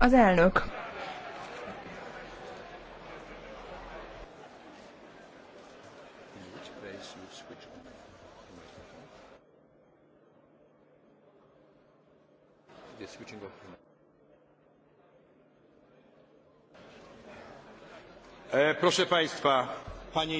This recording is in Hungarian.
Az elnök. E, proszę Państwa, Panie i